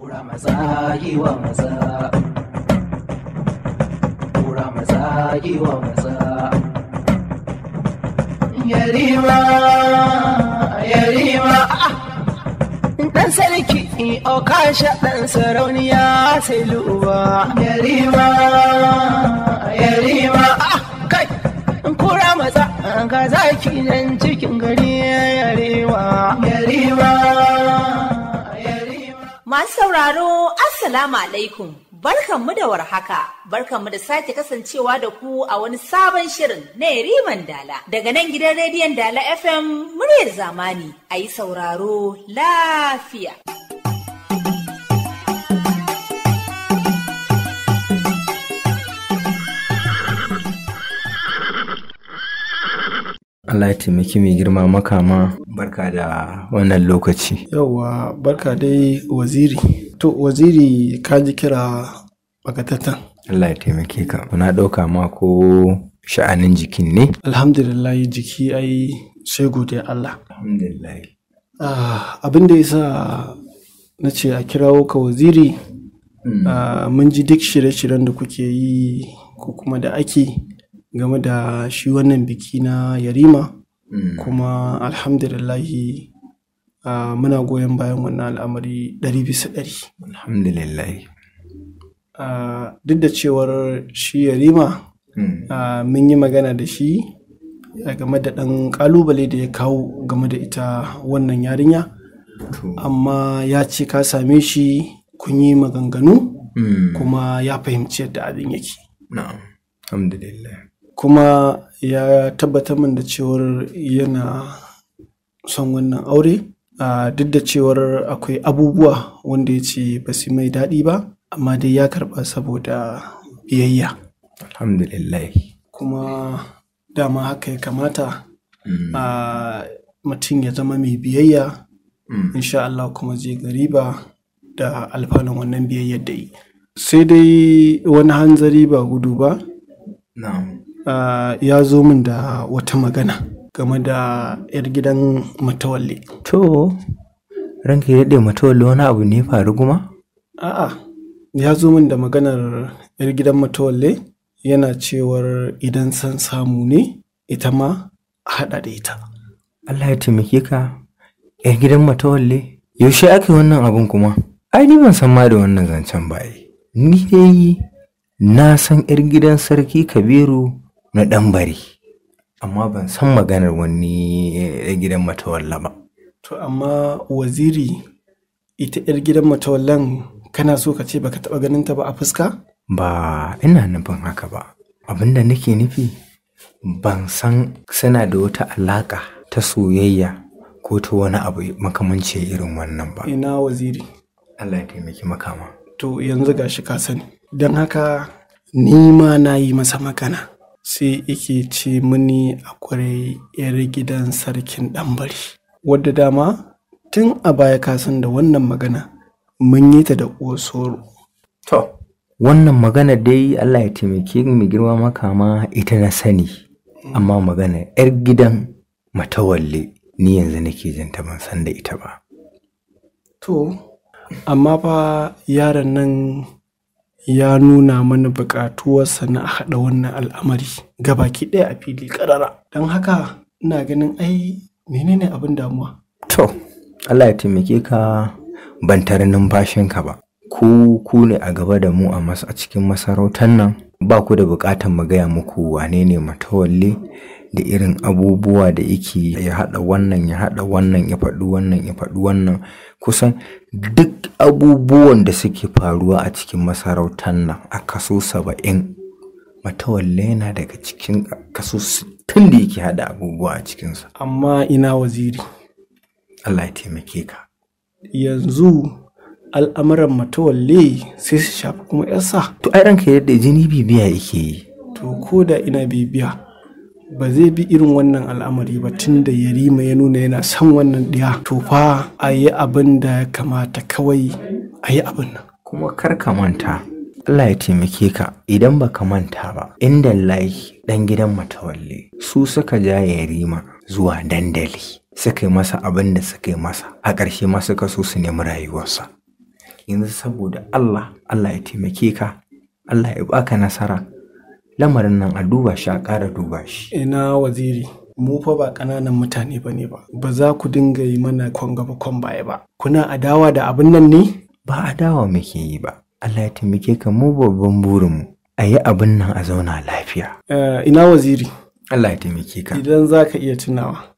Kura maza yi wa maza. Kura maza yi wa maza. Yarima, yarima, ɗan ah! sarki okasha ɗan sarauniya sai luwa. Yarima, yarima, ah! kai, kura maza ga zaki nan cikin gari yarewa. Yarima. Masu sauraro, Assalamu alaikum, barkanmu da warhaka, barkanmu da sake kasancewa da ku a wani sabon shirin na Riman Dala. Daga nan gidan rediyon Dala FM muryar zamani, a yi sauraro lafiya. Allah ya taimaki mai girma makama barka da wannan lokaci. Yawwa barka dai waziri. To waziri ka ji kira bagatatan. Allah ya taimake ka. Kuna ɗauka ma ko sha'anin jikin ne? Alhamdulillah jiki ai sai godiya Allah. Alhamdulillah. Ah, Abin da yasa na ce a kirawo ka waziri hmm. ah, mun ji duk shirye-shiryen da kuke yi ko kuma da ake. game da shi wannan biki na yarima mm. kuma alhamdulillahi muna goyon bayan wannan al'amari ɗari bisa ɗari alhamdulillahi duk da cewar shi yarima mm. mun yi magana da shi game da ɗan ƙalubale da ya kawo game da ita wannan yarinya amma ya ce ka same shi kun yi maganganu mm. kuma ya fahimci yadda abin yake. Na'am, alhamdulillah. kuma ya tabbatar min da cewar yana son wannan aure duk da cewar akwai abubuwa wanda ya ce ba su mai daɗi ba amma dai ya karɓa saboda biyayya alhamdulillah kuma dama haka ya kamata mm. a mutum ya zama mai biyayya mm. insha Allah kuma zai ba. da alfanun wannan biyayya da yi sai dai wani hanzari ba gudu ba Ah, ya zo min da wata magana game da 'yar gidan matawalle. To, ranka ya daɗe matawalle wani abu ne faru kuma? A'a, ya zo min da maganar 'yar gidan matawalle yana cewar idan san samu ne ita ma a haɗa da ita. Allah ya taimake ka, 'yar gidan matawalle, yaushe ake wannan abin kuma? Ai, ni ban san ma da wannan zancen ba Ni dai na san 'yar gidan sarki Kabiru na ɗan bari amma ban san maganar wani eh, gidan matawalla ba to amma waziri ita 'yar gidan matawallan kana so ka ce baka taɓa ganin ta ba a fuska ba ina nufin haka ba abinda nake nufi ban san suna da wata alaƙa ta soyayya ko ta wani abu makamanci irin wannan ba ina waziri Allah ya taimaki makama to yanzu gashi ka sani don haka ni ma na yi masa magana sai yake ce a akwai yar gidan sarkin ɗanbari wadda dama tun a baya kasan da wannan magana mun yi ta da ƙosoro. to wannan magana dai allah ya taimake mu girma makama ita na sani amma magana yar gidan matawalle ni yanzu nake jin ta ban san da ita ba to amma fa yaran nan ya nuna mana buƙatuwarsa na haɗa wannan al'amari gabaki ɗaya a fili ƙarara don haka ina ganin ai menene abin damuwa to allah ya taimake ka ban tare numfashinka ba ku ku ne a gaba da mu a cikin masarautar nan ba ku da buƙatar mu gaya muku wane ne matawalle da irin abubuwa da yake ya haɗa wannan ya haɗa wannan ya faɗi wannan ya faɗi wannan kusan duk abubuwan da suke faruwa a cikin masarautar nan a kaso saba'in matawalle yana daga cikin kaso sittin da yake haɗa abubuwa a cikinsa amma ina waziri Allah ya taimake ka yanzu al'amuran matawalle sai su shafi kuma yasa to ai ranka yadda jini bibiya yake yi to ko da ina bibiya ba zai bi irin wannan al'amari ba tun da yarima ya nuna yana son wannan ɗiya to fa a yi abin da ya kamata kawai a yi abin nan kuma kar ka manta Allah ya taimake ka idan ba ka manta ba inda lai dan gidan matawalle su suka ja yarima zuwa dandali suka yi masa abin da suka yi masa a ƙarshe ma suka so su nemi rayuwarsa yanzu saboda Allah Allah ya taimake ka Allah ya baka nasara lamarin nan a duba shi a ƙara duba shi. Ina waziri, mu fa ba ƙananan mutane ba ne ba, ba za ku dinga yi mana kwan gaba kwan baya ba. Kuna adawa da abin nan ne? Ba adawa muke yi ba, Allah ya taimake ka mu babban burinmu, a yi abin nan a zauna lafiya. Eh, ina waziri. Allah ya taimake ka. Idan za ka iya tunawa,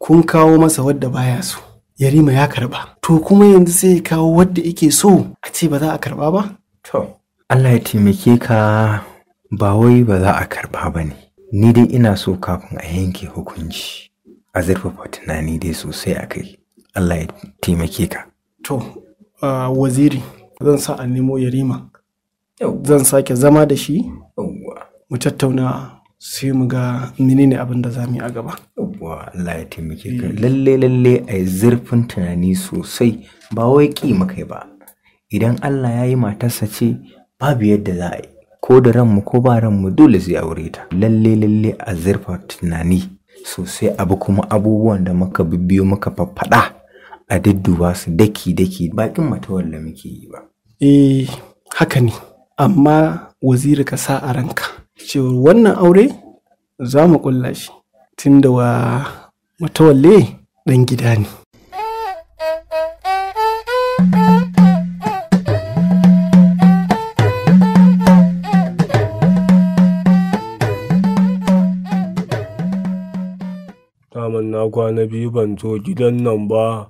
kun kawo masa wadda baya so. Yarima ya karba. To kuma yanzu sai ya kawo wadda yake so a ce ba za a karba ba? To, Allah ya taimake ka ba wai ba za a karba ba ne ni dai ina so kafin a yanke hukunci a zurfafa tunani dai sosai a kai Allah ya taimake ka to waziri zan sa a nemo yarima zan sake zama da shi mu tattauna sai mu ga menene abin da za mu yi a gaba Allah ya taimake ka eh. lalle lalle a yi zurfin tunani sosai ba wai ki makai ba idan Allah ya yi matarsa ce babu yadda za a yi ko da ranmu ko ba ranmu dole zai aure ta lalle lalle a zurfa tunani sosai abu kuma abubuwan da muka bibbiyo muka faffaɗa a dudduba su daki daki bakin matawar da muke yi ba eh haka ne amma waziri ka sa a ranka cewa wannan aure za mu kulla shi tunda wa matawalle dan gida ne na kwana biyu ban zo gidan nan ba.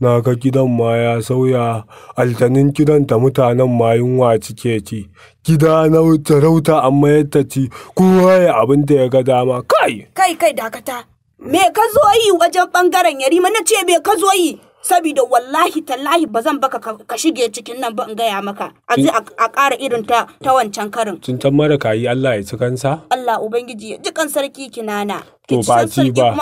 Na ga gidan ma ya sauya, altanin ta mutanen ma yunwa cike ci, gida na rauta amma yadda ci, kowa ya abin da ya ga dama, kai! Kai, kai, dakata, me ka zo yi wajen ɓangaren yarima na ce me ka zo yi? saboda wallahi tallahi ba zan baka ka shige cikin nan ba in gaya maka a je a ƙara irin ta wancan karin tun tan mara yi Allah ya ci kansa Allah ubangiji ya ji kan sarki kinana to ba ci ba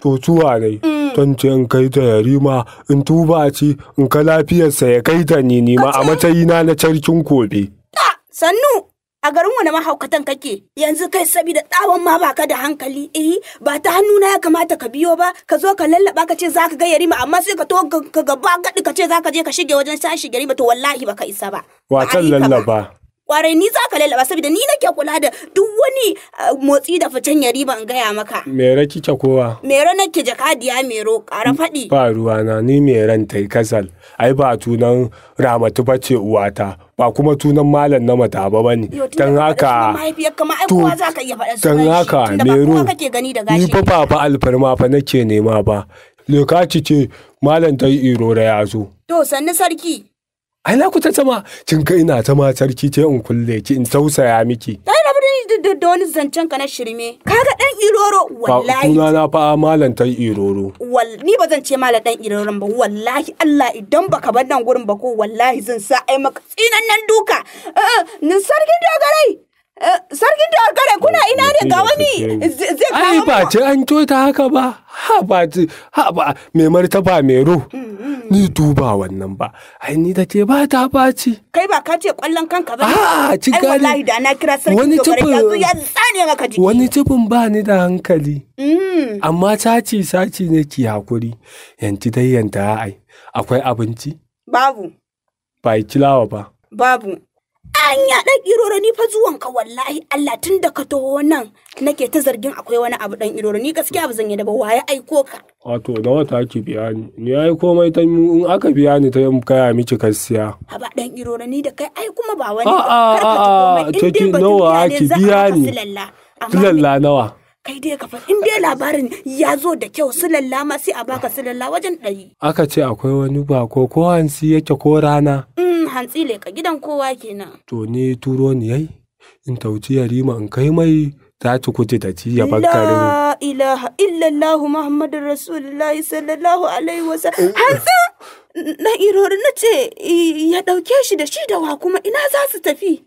to tuwa ne, ton mm. ce in kai ta yarima in tuba ci in ka lafiyarsa ya kai ta ni ma a matsayina na carkin kobe ah, sannu a garin wani mahaukatan kake yanzu kai saboda tsawon ma baka da hankali eh ba ta hannuna ya kamata ka biyo ba ka zo ka lallaba ka ce zaka ga yarima amma sai ka to ka gaba gadi ka ce zaka je ka shige wajen sashi yarima to wallahi ba ka isa ba watan lallaba kwarai ni za ka lallaba saboda ni nake kula da duk wani eh, motsi da ficen yari ban gaya maka. Mere kike kowa? Mere nake jakadiya mero ƙara mm, faɗi. Ba ruwana ni meren ta yi kasal. Ai ba tunan ramatu ba ce uwata. Ba kuma tunan malam na mata ba ba ne. Don haka. To don haka mero. Ni fa ba ba alfarma fa nake nema ba. Lokaci ce malam ta yi iro da ya zo. To sannu sarki. ai na kuta tama Cin kai na ta matar ki ce in kulle ki in tausaya miki ai na bari da wani zancen ka na shirme kaga dan iroro wallahi suna na fa malam tan iroro wal ni ba zan ce malam dan iroron ba wallahi Allah idan baka bar nan gurin ba ko wallahi zan sa ai maka nan duka ni eh, eh, sarkin dogarai eh, Sarkin da kuna ina ne ga wani zai kawo Ai ba ce an ta haka ba ha ba ha ba mai martaba mai ruh hmm. ni duba wannan ba ai ni da ke ba ta baci kai ba ka ce kwallon kanka ba a'a ci gari wallahi da na kira sarki wani tufin ya tsane maka jiki wani tufin ba ni da hankali mm. amma saci saci ne ki hakuri yanti dai yanta ai akwai abinci babu ba kilawa ba babu an ya dan iroro ni fa zuwan ka wallahi Allah tun da ka taho nan nake ta zargin akwai wani abu dan iroro ni gaskiya ba zan yi da ba waye aiko ka wato na wata ake biya ni ni ai komai ta in aka biya ni ta mu kaya miki kasiya haba dan iro na ni da kai ai kuma ba wani a a to ki nawa ki biya ni silalla nawa kai dai ka in dai labarin ya zo da kyau silalla ma sai a baka silalla wajen ɗari aka ce akwai wani ba, ko ko hansi yake ko rana mm, hantsi ka gidan kowa kenan to ni turo ni yai in tauci yarima in kai mai za ta kuce ta ci ya bakka la ilaha illallah muhammadur rasulullahi sallallahu alaihi wasallam oh. hanzu na irori na ce ya dauke shi da shi da wa kuma ina za su tafi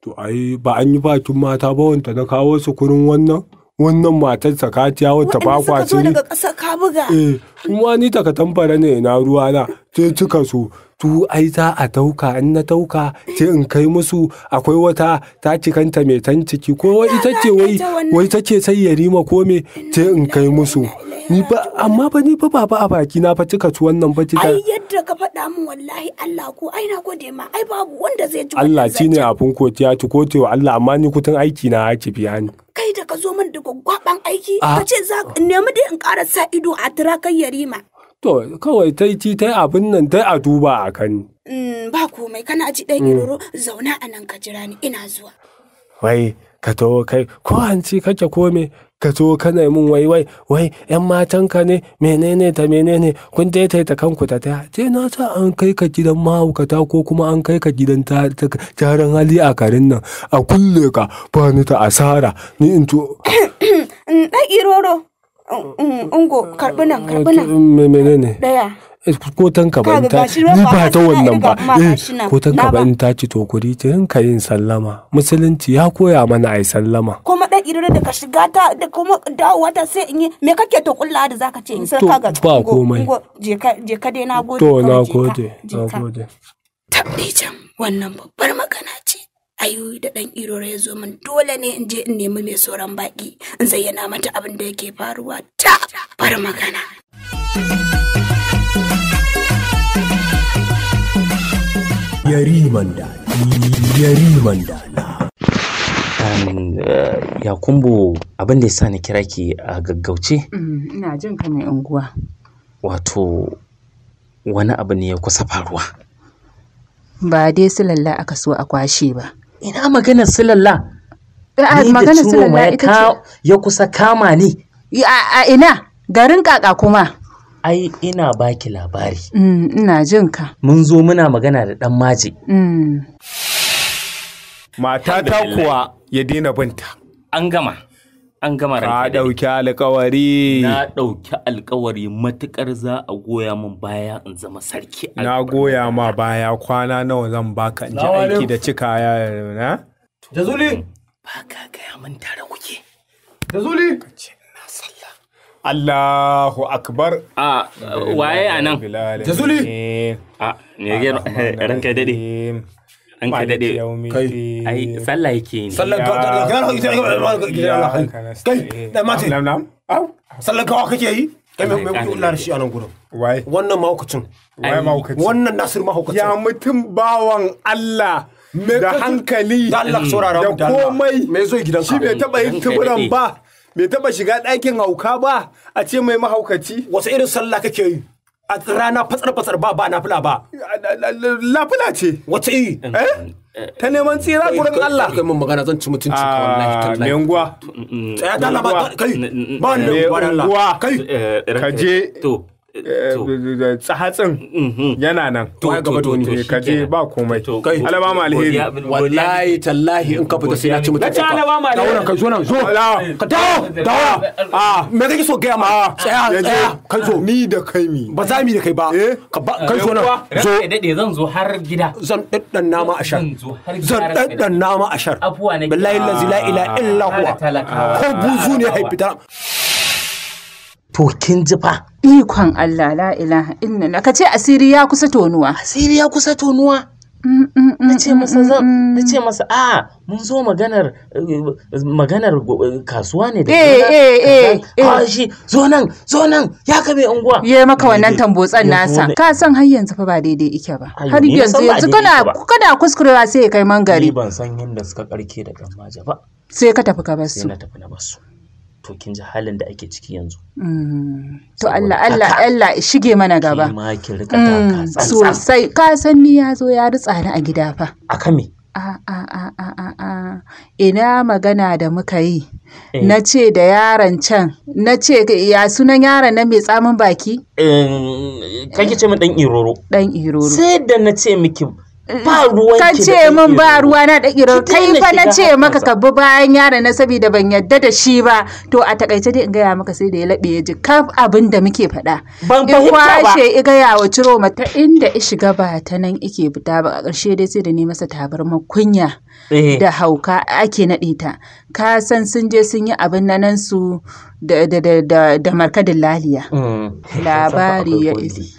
to ai ba an yi bakin mata ba wanta na kawo su kurin wannan wannan matar sakatiya wata ba kwaci ne daga ƙasa ka eh kuma ni taka tambara ne na ruwa na sai cika so tu ai za a dauka in na dauka sai in kai musu akwai wata ta cikanta mai tan ciki ko ita ce wai wai ce sai ya rima ko me sai in kai musu ni ba amma ba ni ba a baki na fa cika ci wannan ba cika ai yadda ka faɗa min wallahi Allah ko ai na gode ma ai babu wanda zai ji Allah ne abun kotiya ci kotewa Allah amma ni kutun aiki na ki biya ni kai da ka zo min da gwaggwaban aiki ah. ka ce za nemi dai in ƙara sa ido a tira kai yarima To, kawai ta ci ta abin nan ta a duba a kan. Mm, ba komai kana ji ɗan iroro mm. zauna a nan ka jira ni ina zuwa. Wai, ka to kai, ko ci kake kome, ka to kana mun? wai wai wai yan ka ne menene ta menene kun daita ta kanku ta ta ce na ta an kai ka gidan mahaukata ko kuma an kai ka gidan taron hali a karin nan a kulle ka ba ta asara ni in to. Mm, ɗan iroro, Oh, uh, mm, uh, ungo uh, karɓi nan karɓi nan ɗaya eh, ko in ta ni ba ta wannan ba eh, ko ta ci ta rinka yin sallama musulunci ya koya mana yi sallama kuma ɗan irin da ka shiga ta da kuma dawowa ta sai in yi me kake to kulla da zaka ce in sai kaga ba komai je ka je ka dai tabbijan wannan babbar maka ayu da ɗan irora ya zo min dole ne in je in nemi mai sauran baƙi in zayyana mata abin da yake faruwa ta bar magana. Yariman da Yariman eh, ya kumbo abin da ya sa ni kira ki a gaggauce? Mm, ina jin ka mai unguwa. Wato wani abu ne ya kusa faruwa. Ba dai su lalla aka so a kwashe ba. ina maganar silalla eh, ah, ni da ce ya kusa kama ni a ina garin kaka kuma ai ina baki labari mm, ina jin ka mun zo muna magana da dan maji ta kuwa ya daina binta an gama an gama ranka da ɗauki alƙawari na ɗauki alƙawari matuƙar za a goya min baya in zama sarki na goya ma baya kwana nawa zan baka in ji aiki da cika ya na da zuli ba ka gaya min tare kuke da zuli Allahu akbar. A waye a nan? Jazuli. A ne ranka dade. an ka dade kai ai sallah yake ne da sallan ka kake yi kai mai shi a gurin wannan wai wannan ya mutum bawan Allah da hankali da komai shi bai taba yin tuburan ba bai taba shiga ɗakin hauka ba a ce mai mahaukaci wasu irin sallah kake yi a rana fatsar-fatsar ba ba na nafila ba. La Lafila ce. Wace yi? Eh? Ta neman tsira gurin Allah. Kai mun magana zan ci mutunci ka wallahi ah, tallahi. Me unguwa? Tsaya ta laba kai. Ba ni da Allah. Kai. Eh, eh, ka je. To. Eh, tsahatsin mm-hmm. yana nan to ga gaba ne ka je ba komai alaba ma alheri wallahi tallahi in ka fita sai na ci mutum ka alaba ma alheri ka zo nan zo ka dawo dawo a ah. me kake so ga ma ah. tsaya tsaya ka zo ni da kai mi ba za mi da kai ba eh. ka kai eh, zo nan zo dade zan zo har gida zan daddan nama ashar zan daddan nama ashar afuwa ne billahi la ilaha ah. illa huwa ko buzu ne haifita to kin ji fa ikon Allah la ilaha illallah ka ce asiri ya kusa tonuwa asiri ya kusa tonuwa mm, mm, mm, na ce masa zan na ce masa a mun zo maganar eh, maganar eh, kasuwa ne da eh eh shi eh, zo nan zo nan ya kabe unguwa ya maka wannan tambotsan nasa ka san har yanzu fa ba daidai ike ba har yanzu yanzu kana kana kuskurewa sai ya kai mangare ni ban san yadda suka karke da maja ba sai ka tafi ka bar su sai na tafi na bar su to kin ji halin da ake ciki yanzu mm. to Allah Allah Allah shige mana gaba ma ki rika taka mm, sosai ka san ni ya zo ya rutsa ni a gida fa akan me a a a a a ina magana da muka yi eh. na ce da yaron can na ce ya sunan yaron nan mai tsamin baki eh, ki ce min dan iroro dan iroro sai da na ce miki ba ka ce min ba ruwa na da kiro kai fa na ce maka ka bi bayan yaron na saboda ban yadda da shi ba to a takaice dai in gaya maka sai da ya labe ya ji kaf abin da muke faɗa ban fahimta ba kwashe i gaya wa ciro mata inda i shiga ba ta nan ike fita ba a ƙarshe dai sai da ni masa tabarma kunya eh. da hauka ake naɗe ta ka san sun je sun yi abin nanansu. su da markadin laliya mm. labari ya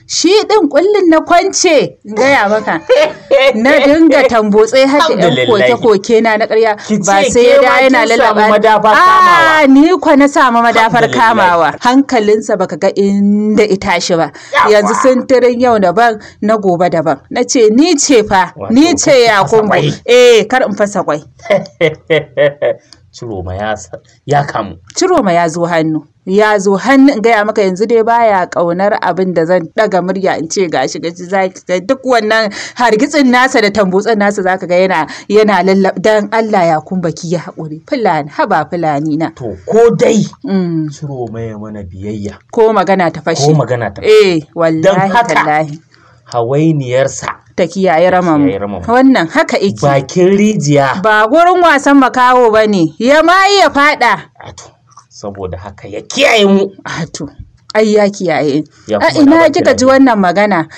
shi din kullun na kwance gaya maka na dinga tambotsai haka yan koke koke na na karya ba sai ya da yana lalaba a ni kwa na samu madafar kamawa hankalinsa baka ga inda ita shi ba yanzu sun tirin yau daban na gobe daban na ce ni ce fa ni ce ya kumbu eh kar in fasa kwai Ciroma ya kamu. Ciroma ya zo hannu. Ya zo hannu in gaya maka yanzu dai baya ƙaunar abin da zan ɗaga murya in ce ga shi zaki ga duk wannan hargitsin nasa da tambotsin nasa zaka ga yana yana lallab dan Allah ya kumbaki ya haƙuri. Fulani haba fulani na. To ko dai. Mm. ciro ya mana biyayya. Ko magana ta fashe. Ko magana ta fashe. Eh wallahi tallahi. Hawainiyarsa ta kiyaye raman wannan haka iki bakin rijiya ba gurin wasan makaho ba ne ya ma ya fada saboda haka ya kiyaye mu ai ya kiyaye a ina kika ji wannan magana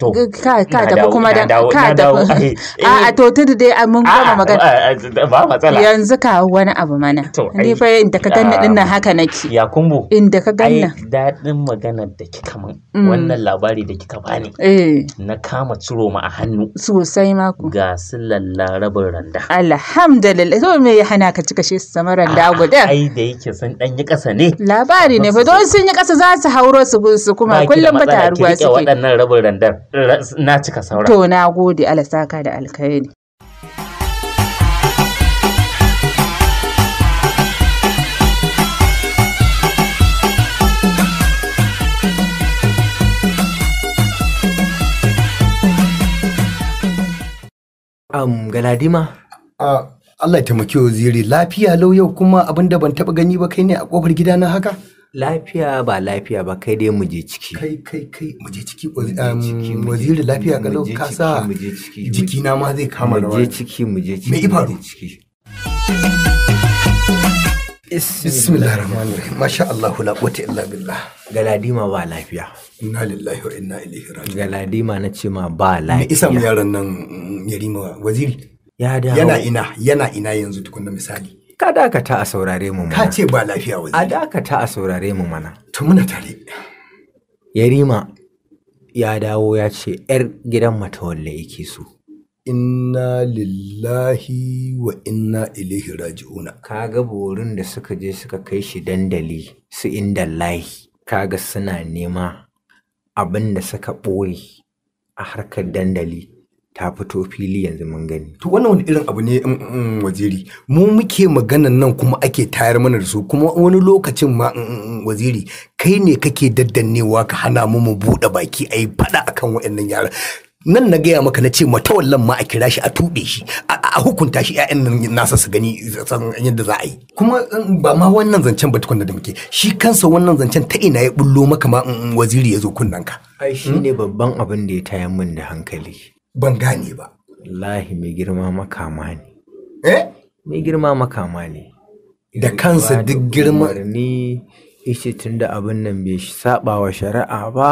To, ka tafi kuma da ka tafi. A a eh. to tudu dai a mun gama magana. Eh, ba matsala. Yanzu ka wani abu mana. To, ni fa inda ka ganna ah, din nan haka nake. Ya kumbu. Inda ka ganna. Ai dadin magana da kika min. Mm. Wannan labari da kika bani. Eh. Na kama ciro ma a hannu. Sosai ma ku. Ga su larabin randa. Alhamdulillah. To me ya hana ka cika shi su sama randa guda? Ai da yake san dan yi kasa ne. Labari ne fa don sun yi kasa za su hauro su kuma kullum ba ta ruwa suke. waɗannan rabin randar. na cika saura. To na gode Allah saka da alkhairi. Um, Galadima? Uh, Allah ya taimaki waziri lafiya lau yau kuma abin da ban taɓa gani ba kai ne a ƙofar na haka? lafiya ba lafiya ba kai dai muje ciki kai kai kai muje ciki waziri lafiya kalau ka sa jiki na ma zai kama rawa muje ciki muje ciki me ifaru ciki bismillah rahman rahim masha Allah la quwwata illa billah galadima ba lafiya inna lillahi wa inna ilaihi raji'un galadima na ce ma ba lafiya me isa mu yaran nan yarima waziri ya yana ina yana ina yanzu tukunna misali Ka dakata a saurare mu mana. Ka ce ba lafiya wani. A dakata a saurare mu mana. To muna tare. Yarima ya dawo ya ce ‘yar gidan matawalle yake so. Inna lillahi wa inna ilaihi raji'una. Ka ga borin da suka je suka kai shi dandali su inda lahi. ga suna nema abin da suka ɓoye a harkar dandali. ta fito fili yanzu mun gani. To wannan wani irin abu ne mm, mm, mm, waziri mu muke maganan nan kuma ake tayar mana da su kuma wani lokacin ma waziri kai ne kake daddannewa ka hana mu mu buɗe baki a yi faɗa akan waɗannan yara. Nan na gaya maka na ce matawallan ma a kira shi a tuɓe shi a hukunta shi ‘ya'yan nan nasa su gani yadda za a yi. Kuma ba ma wannan zancen ba tukunna da muke shi kansa wannan zancen ta ina ya bullo maka ma waziri ya zo kunnanka. Ai shi ne babban abin da ya tayar min da hankali. ban gane ba wallahi mai girma makama ne eh mai girma makama ne da kansa duk girma ne ishe tun da abin nan bai saɓa wa shari'a ba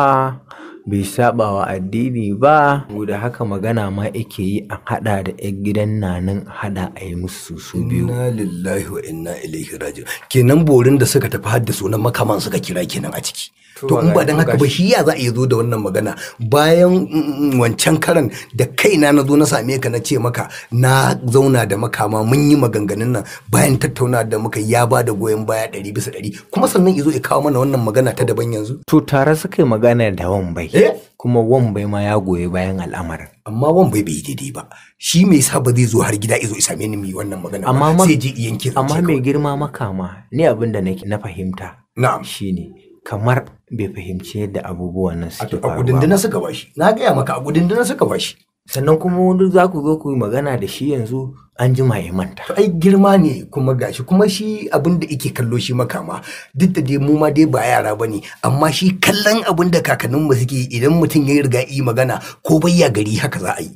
bai saba wa addini ba da haka magana ma yake yi a hada da yan gidan nanin hada a yi musu su biyu inna lillahi wa inna ilaihi raji kenan borin da suka tafi hadda sunan makaman suka kira kenan a ciki to in ba dan haka ba shi ya za a yi zo da wannan magana bayan mm, mm, wancan karan da kaina na zo na same ka na ce maka na zauna da makama mun yi maganganun nan bayan tattauna da muka ya ba da goyon baya ɗari bisa ɗari kuma sannan zo ya kawo mana wannan magana ta daban yanzu to tare suka yi magana da wan bai Eh? kuma bai ma ya goyi bayan al'amarin amma wan bai daidai ba shi me sa ba zai zo har gida izo isa mini mi wannan magana amma sai je yankin amma mai girma makama ni abin da na fahimta na'am shine kamar bai fahimci yadda abubuwan nan suke faruwa a gudun dana suka bashi na gaya maka a gudun suka bashi sannan kuma wani za ku zo ku yi magana da shi yanzu an jima ya manta. To ai girma ne kuma gashi kuma shi abin da ike kallo shi makama duk da dai mu ma dai ba yara ba ne amma shi kallon abin da mu suke idan mutum ya riga yi magana ko bai ya gari haka za a yi.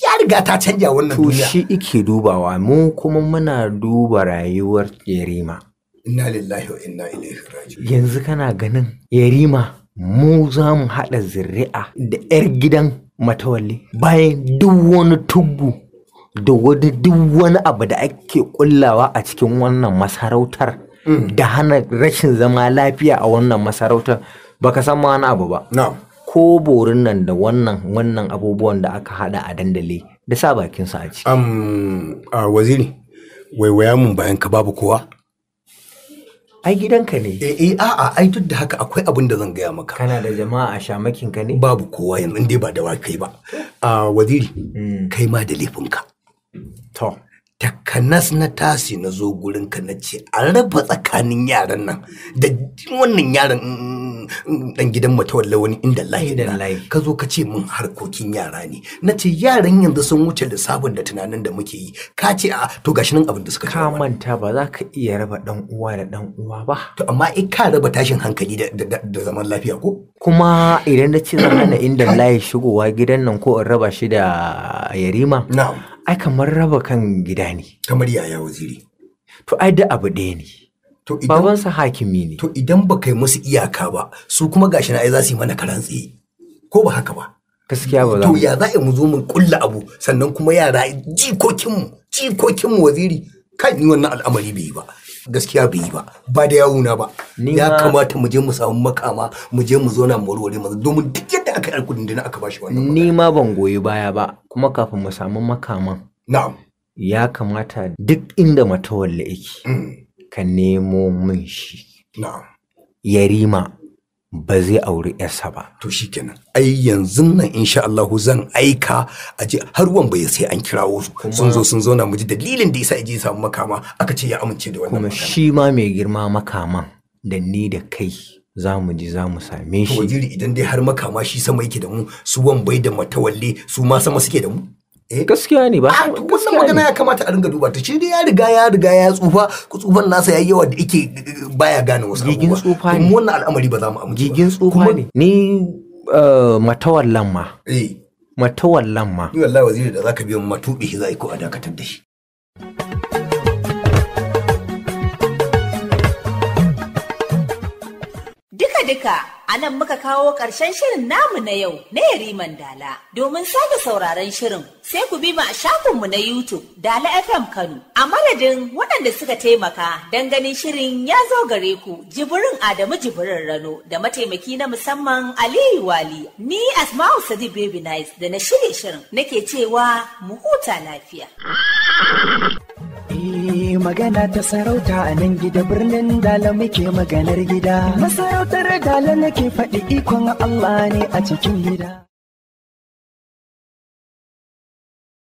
Ya riga ta canja wannan duniya. To shi ike dubawa mu kuma muna duba rayuwar yarima. Inna lillahi wa inna ilaihi raji'un. Yanzu kana ganin yarima mu za mu haɗa zuri'a da 'yar gidan matawalli bayan duk wani tubu da wani duk wani abu da ake kullawa a cikin wannan masarautar mm. da hana rashin zama lafiya a wannan masarautar baka san ma wani abu ba ko borin nan da wannan wannan abubuwan da aka hada a dandali da sa bakin su a ciki waziri waiwaya mun bayan ka babu kowa ai gidanka ne eh eh a'a ai duk da haka akwai abin da zan gaya maka kana da jama'a a shamakin ka ne babu kowa yanzu dai ba da kai ba a ah, waziri hmm. kai ma da laifinka to takanas na tasi na zo gurinka na ce an raba tsakanin yaran nan da wannan yaran dan mm, mm, gidan matawalla wani inda lahi da ka zo ka ce mun harkokin yara ne na ce yaran yanzu sun wuce da sabon da tunanin da muke yi ka ce a to gashi nan abin da suka ka manta ba za ka iya raba dan uwa da dan uwa ba to amma ai ka raba tashin hankali da zaman lafiya ko kuma idan na ce zan hana inda lahi shigowa gidan nan ko in raba shi da yarima na'am ai kamar raba kan gida ne kamar yaya waziri to ai da abu ɗaya ne to idan babansa hakimi ne to idan ba kai musu iyaka ba su kuma gashi na ai za su yi mana karan ko ba haka ba gaskiya ba za to ya za mu zo mu kulla abu sannan kuma yara jikokinmu jikokinmu waziri kan ni wannan al'amari bai yi ba gaskiya bai yi ba ba da yawuna ba ya kamata mu je mu samu makama mu je mu zauna mu warware maza domin duk yadda aka yi kudin dana aka bashi wannan ni ma ban goyi baya ba kuma kafin mu samu makaman na'am ya kamata duk inda matawalla yake mm. ka nemo min shi na'am yarima ba zai auri yarsa ba. To shi kenan. Ai yanzu nan insha Allah zan aika a ji har wan bai sai an kirawo su. Sun zo sun zauna mu ji dalilin da yasa ya je samu makama aka ce ya amince da wannan. Kuma shi ma mai girma makaman da ni da kai za mu ji za mu same shi. Wajiri idan dai har makama shi sama yake da mu su wan bai da matawalle su ma sama suke da mu. Eh? gaskiya ne ba ah, wannan magana ya kamata a ringa duba ta shi dai ya riga ya riga ya tsufa tsufan nasa yayi yawa da yake baya gane wasu gigin tsufa ne wannan al'amari ba za mu amince gigin tsufa ne ni uh, matawallan ma eh. matawallan ma ni wallahi wazir da zaka biyo matubi shi za ko a dakatar da shi duka a nan muka kawo ƙarshen shirin namu na yau na Yariman Dala. Domin sake sauraron shirin sai ku bi mu a shafinmu na YouTube Dala FM Kano. A madadin waɗanda suka taimaka don ganin shirin ya zo gare ku jibirin Adamu jibirin Rano da mataimaki na musamman Aliyu Wali. Ni Asma'u sadi Baby Nice da na shirye shirin nake cewa mu huta lafiya. magana ta sarauta a nan gida birnin dala muke maganar gida. Masarautar dala nake faɗi ikon Allah ne a cikin gida.